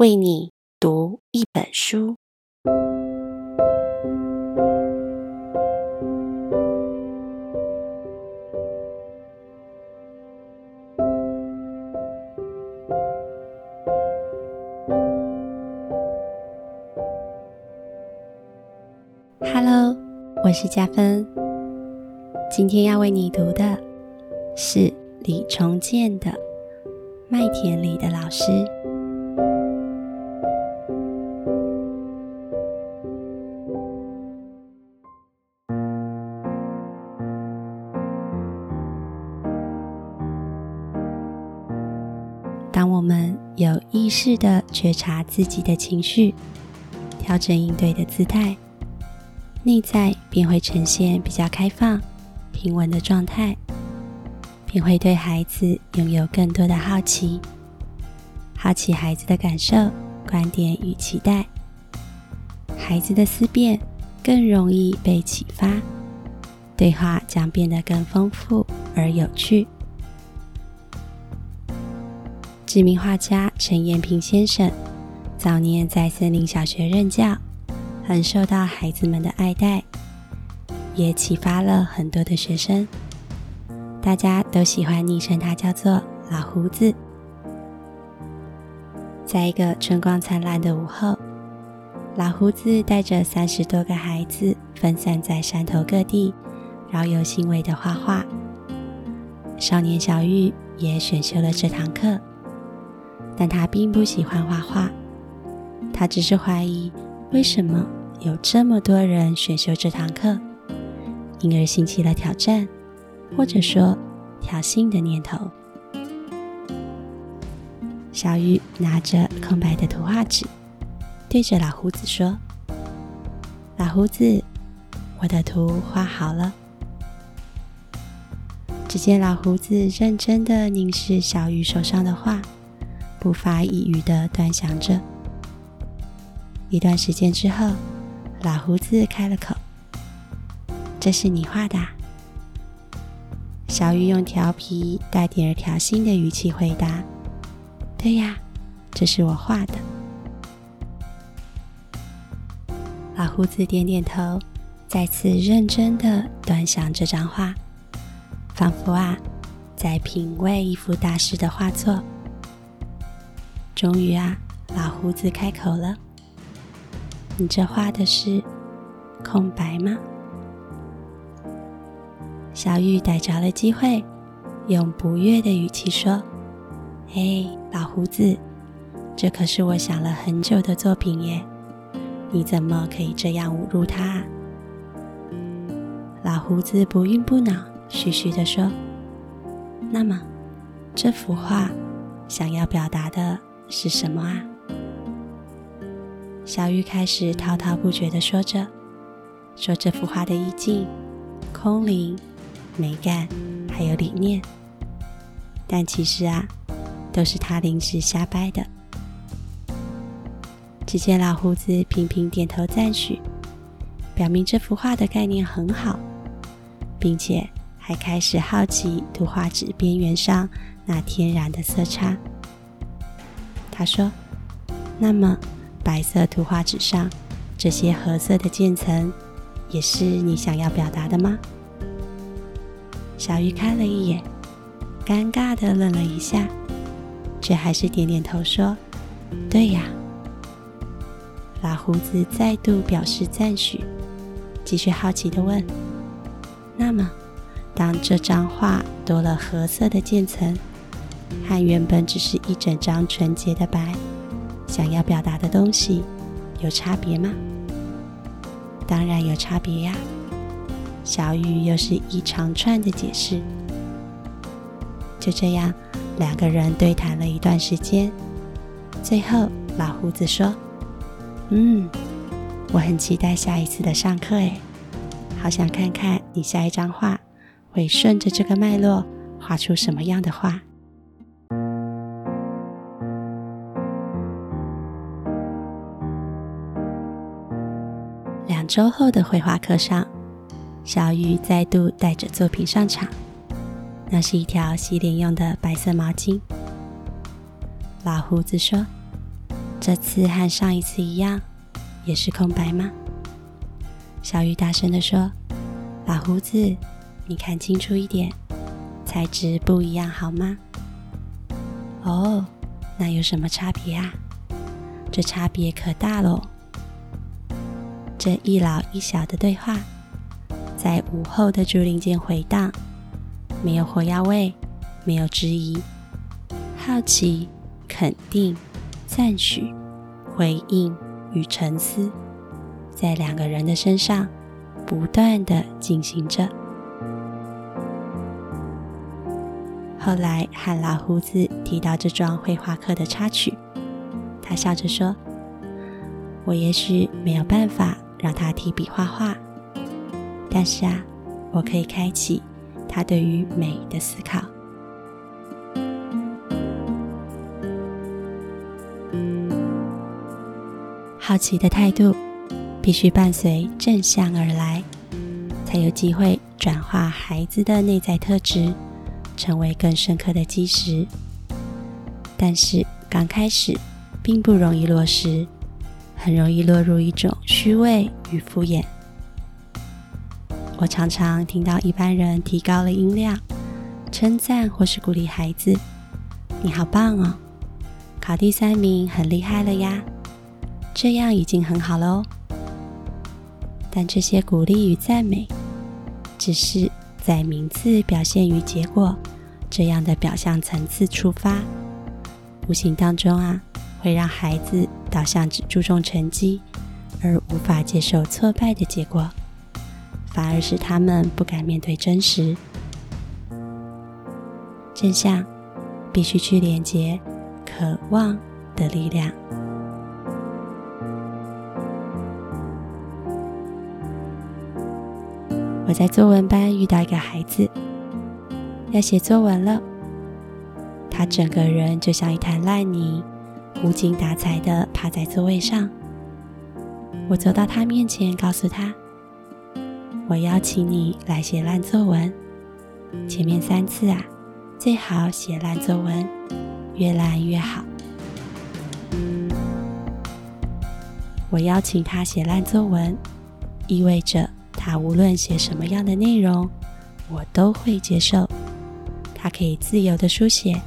為你讀一本書。Hello，我是家芬。今天要為你讀的是李崇建的《麥田裡的老師》。式的覺察自己的情緒，調整應對的姿態，內在便會呈現比較開放、平穩的狀態，便會對孩子擁有更多的好奇，好奇孩子的感受、觀點與期待，孩子的思辨更容易被啟發，對話將變得更豐富而有趣。知名畫家陳彥平先生早年在森林小學任教，很受到孩子們的愛戴，也啟發了很多的學生。大家都喜歡昵稱他叫做“老鬍子”。在一個春光燦爛的午後，老鬍子帶着三十多個孩子分散在山頭各地，饒有興味地畫畫。少年小玉也選修了這堂課。但他並不喜歡畫畫，他只是懷疑為什麼有這麼多人選修這堂課，因而興起了挑戰，或者說挑釁的念頭。小魚拿着空白的圖畫紙，對着老胡子說：“老胡子，我的圖畫好了。”只見老胡子認真的凝視小魚手上的畫。不發一語地端詳着。一段時間之後，老胡子開了口：“這是你畫的啊？”小魚用調皮帶點兒挑釁的語氣回答：“對呀，這是我畫的。”老胡子點點頭，再次認真地端詳這張畫，仿佛啊，在品味一幅大師的畫作。終於啊，老鬍子開口了：“你這畫的是空白嗎？”小玉逮着了機會，用不悅的語氣說：“嘿，老胡子，這可是我想了很久的作品耶！你怎麼可以這樣侮辱它？”老胡子不愠不惱，徐徐地說：“那麼，這幅畫想要表達的？”是什麼啊？小玉開始滔滔不絕地說着，說這幅畫的意境、空靈、美感，還有理念，但其實啊，都是他臨時瞎掰的。只見老鬍子頻頻點頭贊許，表明這幅畫的概念很好，並且還開始好奇圖畫紙邊緣上那天然的色差。他說：“那麼，白色圖畫紙上這些褐色的漸層，也是你想要表達的嗎？”小魚看了一眼，尷尬地愣了一下，卻還是點點頭說：“對呀。”老胡子再度表示讚許，繼續好奇地問：“那麼，當這張畫多了褐色的漸層？”和原本只是一整張純潔的白，想要表達的東西有差別嗎？當然有差別呀！小雨又是一長串的解釋。就這樣，兩個人對談了一段時間。最後，老胡子說：“嗯，我很期待下一次的上課。哎，好想看看你下一張畫會順着這個脈絡畫出什麼樣的畫。”周後的繪畫課上，小雨再度帶着作品上場。那是一條洗臉用的白色毛巾。老鬍子說：“這次和上一次一樣，也是空白嗎？”小雨大聲地說：“老鬍子，你看清楚一點，材質不一樣好嗎？”“哦，那有什麼差別啊？”“這差別可大嘍。”這一老一小的對話在午後的竹林間回盪，沒有火藥味，沒有質疑，好奇、肯定、讚許、回應與沉思，在兩個人的身上不斷的進行着。後來，和老鬍子提到這樁繪畫課的插曲，他笑着說：“我也許沒有辦法。”讓他提筆畫畫，但是啊，我可以開啟他對於美的思考。好奇的態度必須伴隨正向而來，才有機會轉化孩子的內在特質，成為更深刻的基石。但是剛開始並不容易落實。很容易落入一種虛偽與敷衍。我常常聽到一般人提高了音量，稱讚或是鼓勵孩子：“你好棒哦，考第三名很厲害了呀，這樣已經很好了哦。”但這些鼓勵與讚美，只是在名次、表現與結果這樣的表象層次出發，無形當中啊。會讓孩子導向只注重成績，而無法接受挫敗的結果，反而使他們不敢面對真實真相，必須去連接渴望的力量。我在作文班遇到一個孩子，要寫作文了，他整個人就像一灘爛泥。無精打采的趴在座位上，我走到他面前，告訴他：“我邀請你來寫爛作文，前面三次啊，最好寫爛作文，越爛越好。”我邀請他寫爛作文，意味着他無論寫什麼樣的內容，我都會接受，他可以自由的書寫，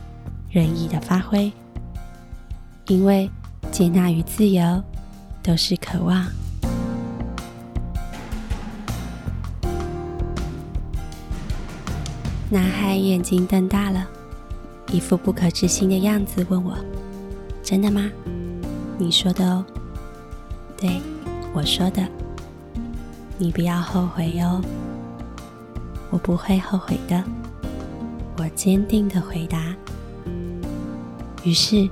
任意的發揮。因為接納與自由都是渴望。男孩眼睛瞪大了，一副不可置信的樣子，問我：“真的嗎？”“你說的哦，對”“對，我說的。”“你不要後悔喲、哦。”“我不會後悔的。”我堅定的回答。於是。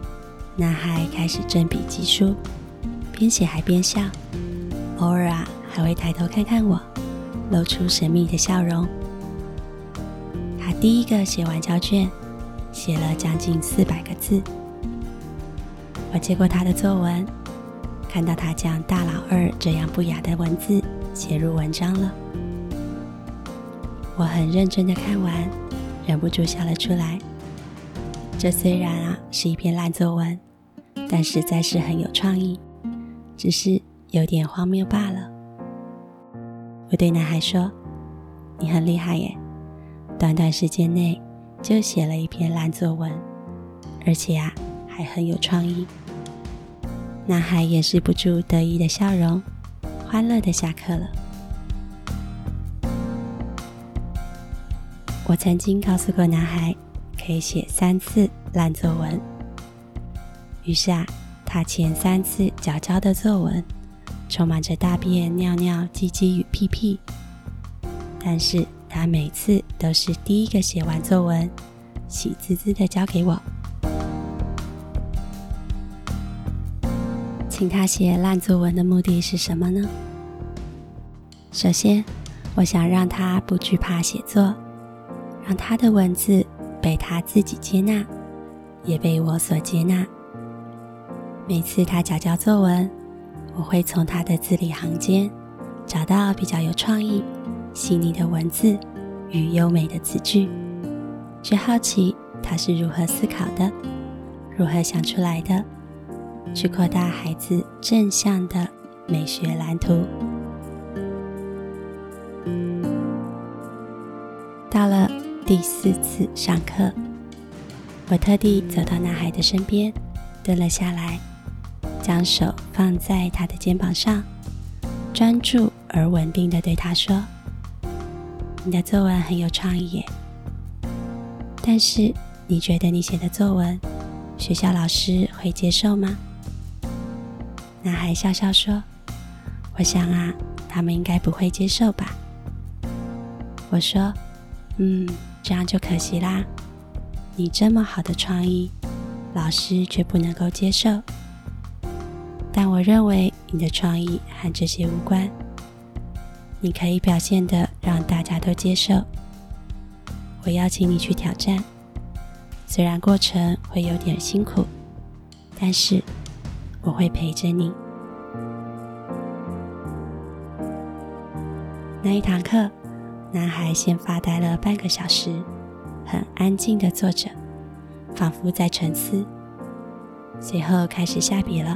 男孩開始振筆疾書，邊寫還邊笑，偶爾啊還會抬頭看看我，露出神秘的笑容。他第一個寫完交卷，寫了將近四百個字。我接過他的作文，看到他將“大老二”這樣不雅的文字寫入文章了，我很認真的看完，忍不住笑了出來。這雖然啊是一篇爛作文。但實在是很有創意，只是有點荒謬罷了。我對男孩說：“你很厲害耶，短短時間內就寫了一篇爛作文，而且啊，還很有創意。”男孩掩飾不住得意的笑容，歡樂的下課了。我曾經告訴過男孩，可以寫三次爛作文。於是啊，他前三次繳交的作文，充滿着大便、尿尿、唧唧、與屁屁，但是他每次都是第一個寫完作文，喜滋滋的交給我。請他寫爛作文的目的是什麼呢？首先，我想讓他不懼怕寫作，讓他的文字被他自己接納，也被我所接納。每次他講教作文，我會從他的字裡行間找到比較有創意、細膩的文字與優美的詞句，去好奇他是如何思考的，如何想出來的，去擴大孩子正向的美學藍圖。到了第四次上課，我特地走到男孩的身邊，蹲了下來。將手放在他的肩膀上，專注而穩定地對他說：“你的作文很有創意耶，但是你覺得你寫的作文，學校老師會接受嗎？”男孩笑笑說：“我想啊，他們應該不會接受吧。”我說：“嗯，這樣就可惜啦，你這麼好的創意，老師卻不能夠接受。”但我認為你的創意和這些無關，你可以表現的讓大家都接受。我邀請你去挑戰，雖然過程會有點辛苦，但是我會陪着你。那一堂課，男孩先發呆了半個小時，很安靜的坐着，仿佛在沉思，隨後開始下筆了。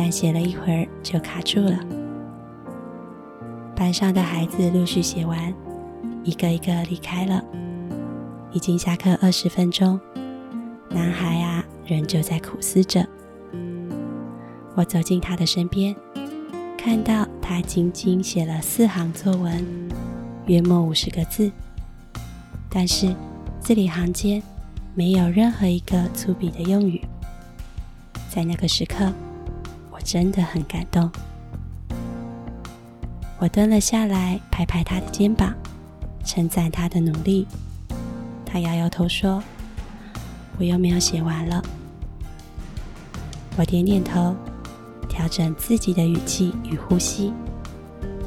但寫了一會兒就卡住了。班上的孩子陸續寫完，一個一個離開了。已經下課二十分鐘，男孩啊，仍舊在苦思着。我走進他的身邊，看到他僅僅寫了四行作文，約莫五十個字，但是字裡行間沒有任何一個粗鄙的用語。在那個時刻，真的很感動，我蹲了下來，拍拍他的肩膀，稱讚他的努力。他搖搖頭說：“我又沒有寫完了。”我點點頭，調整自己的語氣與呼吸，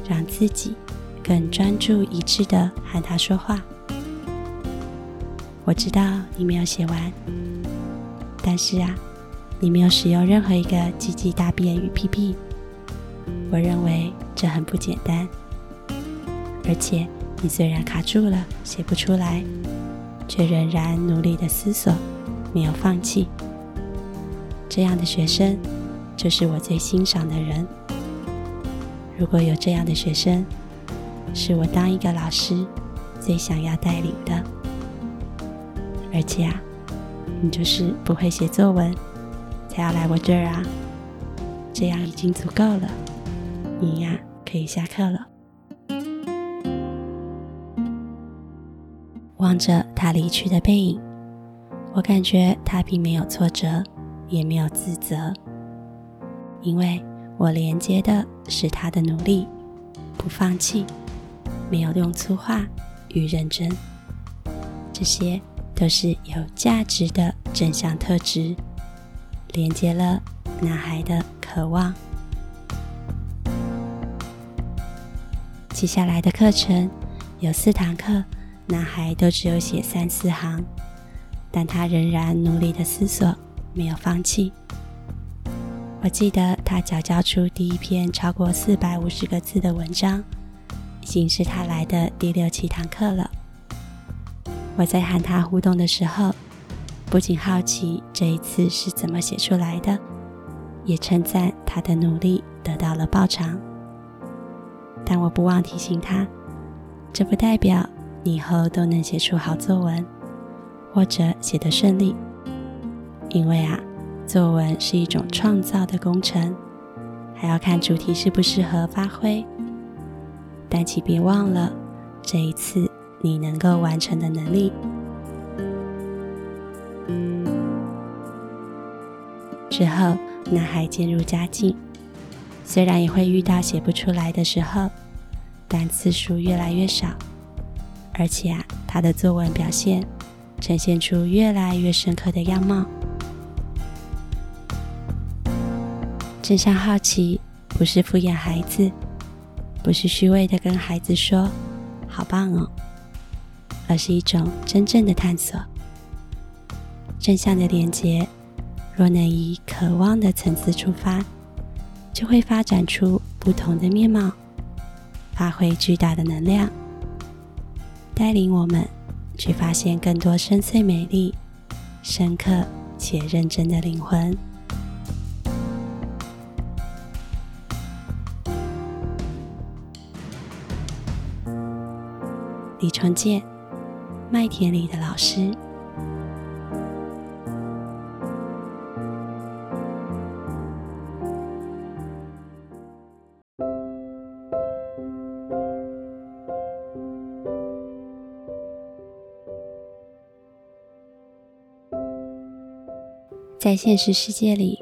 讓自己更專注一致地和他說話。我知道你沒有寫完，但是啊……你沒有使用任何一個“雞雞大便”與“屁屁”，我認為這很不簡單。而且你雖然卡住了，寫不出來，卻仍然努力的思索，沒有放棄。這樣的學生就是我最欣賞的人。如果有這樣的學生，是我當一個老師最想要帶領的。而且啊，你就是不會寫作文，才要來我這兒啊！這樣已經足夠了，你呀，啊，可以下課了。望着他離去的背影，我感覺他並沒有挫折，也沒有自責，因為我連接的是他的努力、不放棄、沒有用粗話與認真，這些都是有價值的正向特質。連接了男孩的渴望。接下來的課程有四堂課，男孩都只有寫三四行，但他仍然努力的思索，沒有放棄。我記得他交交出第一篇超過四百五十個字的文章，已經是他來的第六七堂課了。我在和他互動的時候。不僅好奇這一次是怎麼寫出來的，也稱讚他的努力得到了報償。但我不忘提醒他，這不代表你以後都能寫出好作文，或者寫得順利。因為啊，作文是一種創造的工程，還要看主題適不適合發揮。但請別忘了，這一次你能夠完成的能力。之後，男孩漸入佳境，雖然也會遇到寫不出來的時候，但次數越來越少，而且啊，他的作文表現呈現出越來越深刻的樣貌。正向好奇，不是敷衍孩子，不是虛偽的跟孩子說“好棒哦”，而是一種真正的探索，正向的連接。若能以渴望的層次出發，就會發展出不同的面貌，發揮巨大的能量，帶領我們去發現更多深邃、美麗、深刻且認真的靈魂。李崇建，麥田裡的老師。在現實世界裡，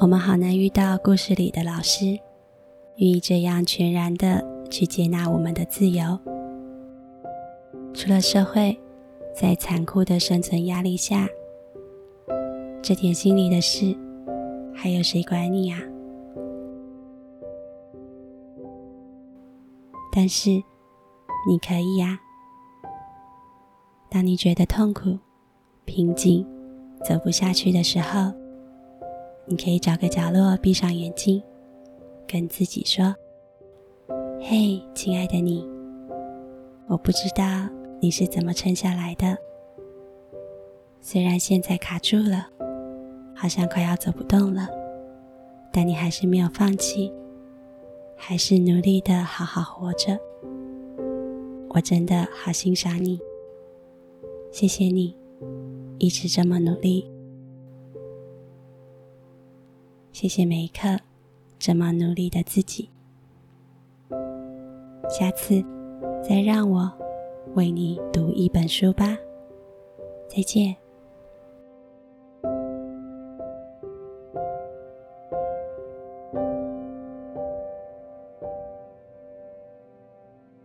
我們好難遇到故事裡的老師，願意這樣全然的去接納我們的自由。除了社會，在殘酷的生存壓力下，這點心裡的事，還有誰管你呀、啊？但是，你可以呀、啊。當你覺得痛苦、平靜走不下去的時候，你可以找個角落，閉上眼睛，跟自己說：“嘿，親愛的你，我不知道你是怎麼撐下來的。雖然現在卡住了，好像快要走不動了，但你還是沒有放棄，還是努力的好好活着。我真的好欣賞你，謝謝你。”一直這麼努力，謝謝每一刻這麼努力的自己。下次再讓我為你讀一本書吧，再見。